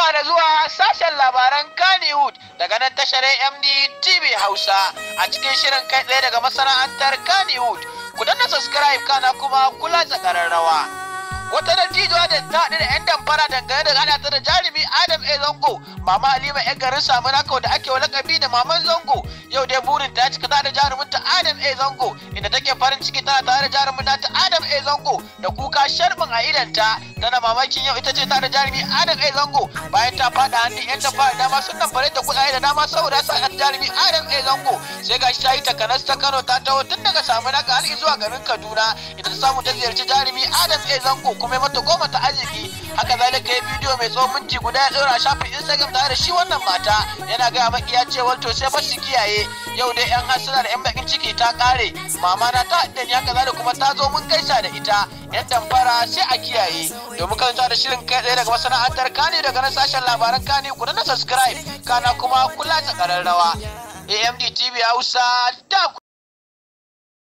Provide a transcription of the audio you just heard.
barka da zuwa sashen labaran Kannywood daga nan tashar AMD TV Hausa a cikin shirin kai tsaye daga masana'antar Kannywood. Ku danna subscribe kana kuma kula da ƙararrawa. Wata tijuwa da ta haɗu da 'yan damfara dangane da haɗa da jarumi Adam A. Zango, Mama Halima ƴan garin Samunaka da ake lakabi da Maman Zango, yau dai burin ta cika da jarumin ta Adam A. Zango ciki tana tare da jarumin nata Adam A Zango da kuka sharbin a idanta tana mamakin yau ita ce tare da jarumi Adam A Zango bayan ta fada hannun yan ta fara dama sun nan fare da kuɗaɗe da dama saboda sa jarumi Adam A Zango sai ga shi ta yi takanas ta Kano ta taho tun daga samu naka har zuwa garin Kaduna ita ta samu ta ziyarci jarumi Adam A Zango kuma mata goma ta arziki haka zalika ya bidiyo mai tsawon minti guda ya ɗora shafin Instagram tare da shi wannan mata yana gaya ya cewa to sai fa kiyaye yau dai yan suna da yan bakin ciki ta kare mama na ta yadda ni haka zalika kuma ta zo mun gaisa da ita yan damfara sai a kiyaye domin karanta da shirin kai tsaye daga masana'antar kane daga nan sashen labaran kane ku na subscribe kana kuma kula ta kararrawa AMD TV Hausa da